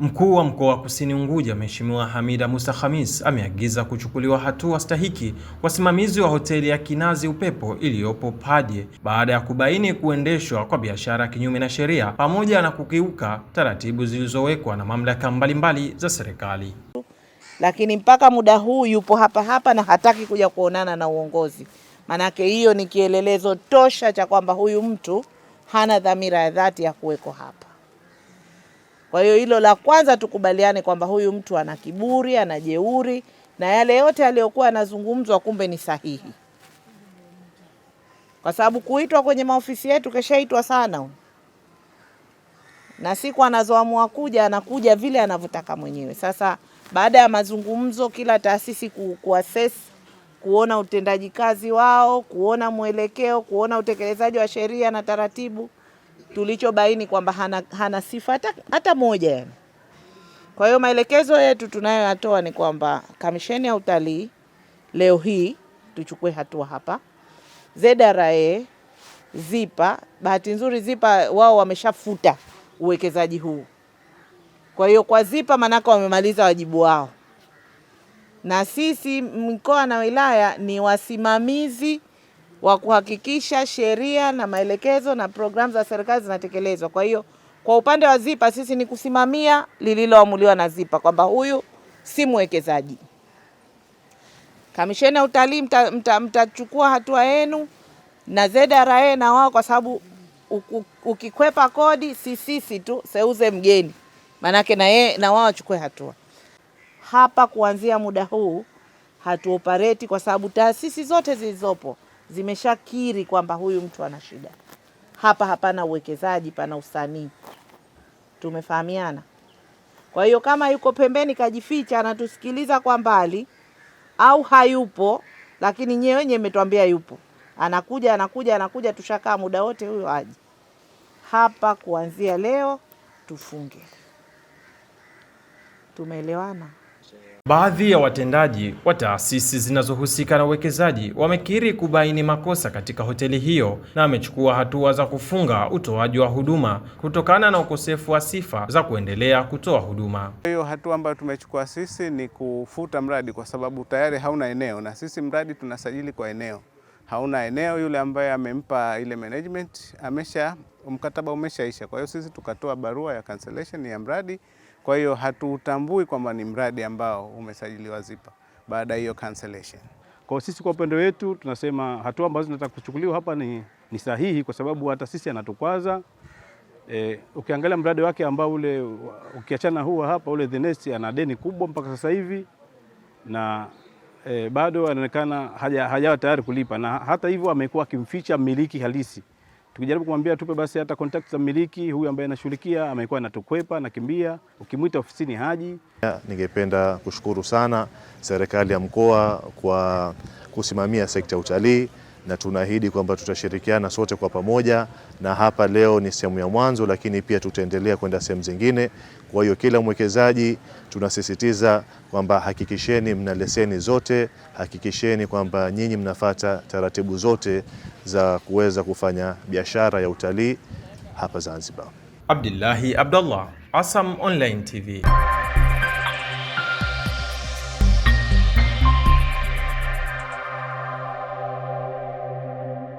Mkuu wa Mkoa wa Kusini Unguja, Mheshimiwa Hamida Musa Khamis ameagiza kuchukuliwa hatua stahiki wasimamizi wa hoteli ya Kinazi Upepo iliyopo paje baada ya kubaini kuendeshwa kwa biashara kinyume na sheria pamoja na kukiuka taratibu zilizowekwa na mamlaka mbalimbali za serikali. Lakini mpaka muda huu yupo hapa hapa na hataki kuja kuonana na uongozi. Manake hiyo ni kielelezo tosha cha kwamba huyu mtu hana dhamira ya dhati ya kuweko hapa. Kwa hiyo hilo la kwanza tukubaliane kwamba huyu mtu ana kiburi, ana jeuri na yale yote aliyokuwa anazungumzwa kumbe ni sahihi, kwa sababu kuitwa kwenye maofisi yetu keshaitwa sana, na siku anazoamua kuja anakuja vile anavyotaka mwenyewe. Sasa baada ya mazungumzo, kila taasisi kuassess, kuona utendaji kazi wao, kuona mwelekeo, kuona utekelezaji wa sheria na taratibu tulichobaini kwamba hana, hana sifa hata, hata moja yani. Kwa hiyo maelekezo yetu tunayoyatoa ni kwamba Kamisheni ya Utalii leo hii tuchukue hatua hapa. ZRA, ZIPA, bahati nzuri ZIPA wao wameshafuta uwekezaji huu. Kwa hiyo kwa ZIPA maanake wamemaliza wajibu wao, na sisi mkoa na wilaya ni wasimamizi wa kuhakikisha sheria na maelekezo na programu za serikali zinatekelezwa. Kwa hiyo kwa upande wa ZIPA sisi ni kusimamia lililoamuliwa na ZIPA kwamba huyu si mwekezaji. Kamisheni ya utalii mtachukua mta, mta hatua yenu na ZRA na wao, kwa sababu ukikwepa kodi si sisi tu, seuze mgeni, maanake na yeye na wao wachukue hatua. Hapa kuanzia muda huu hatuopareti kwa sababu taasisi zote zilizopo zimeshakiri kwamba huyu mtu ana shida hapa, hapana uwekezaji, pana usanii. Tumefahamiana? Kwa hiyo kama yuko pembeni kajificha, anatusikiliza kwa mbali, au hayupo, lakini nyewe wenyewe mmetwambia yupo, anakuja anakuja anakuja, tushakaa muda wote huyo aje hapa. Kuanzia leo tufunge. Tumeelewana? Baadhi ya watendaji wa taasisi zinazohusika na uwekezaji wamekiri kubaini makosa katika hoteli hiyo na amechukua hatua za kufunga utoaji wa huduma kutokana na ukosefu wa sifa za kuendelea kutoa huduma. Hiyo hatua ambayo tumechukua sisi ni kufuta mradi kwa sababu tayari hauna eneo, na sisi mradi tunasajili kwa eneo, hauna eneo. Yule ambaye amempa ile management amesha, mkataba umeshaisha. Kwa hiyo sisi tukatoa barua ya cancellation ya mradi. Kwa hiyo hatuutambui kwamba ni mradi ambao umesajiliwa ZIPA baada ya hiyo cancellation. Kwa sisi kwa upande wetu tunasema hatua ambazo zinataka kuchukuliwa hapa ni, ni sahihi kwa sababu hata sisi anatukwaza e, ukiangalia mradi wake ambao ule ukiachana huwa hapa ule The Nest ana deni kubwa mpaka sasa hivi na e, bado anaonekana hajawa haja tayari kulipa na hata hivyo amekuwa akimficha mmiliki halisi tukijaribu kumwambia tupe basi hata contact za mmiliki huyu ambaye anashughulikia, amekuwa anatukwepa, nakimbia, ukimwita ofisini haji. Ningependa kushukuru sana serikali ya mkoa kwa kusimamia sekta ya utalii na tunaahidi kwamba tutashirikiana sote kwa pamoja, na hapa leo ni sehemu ya mwanzo, lakini pia tutaendelea kwenda sehemu zingine. Kwa hiyo kila mwekezaji tunasisitiza kwamba hakikisheni mna leseni zote, hakikisheni kwamba nyinyi mnafata taratibu zote za kuweza kufanya biashara ya utalii hapa Zanzibar. Abdullahi Abdullah, Asam Online TV.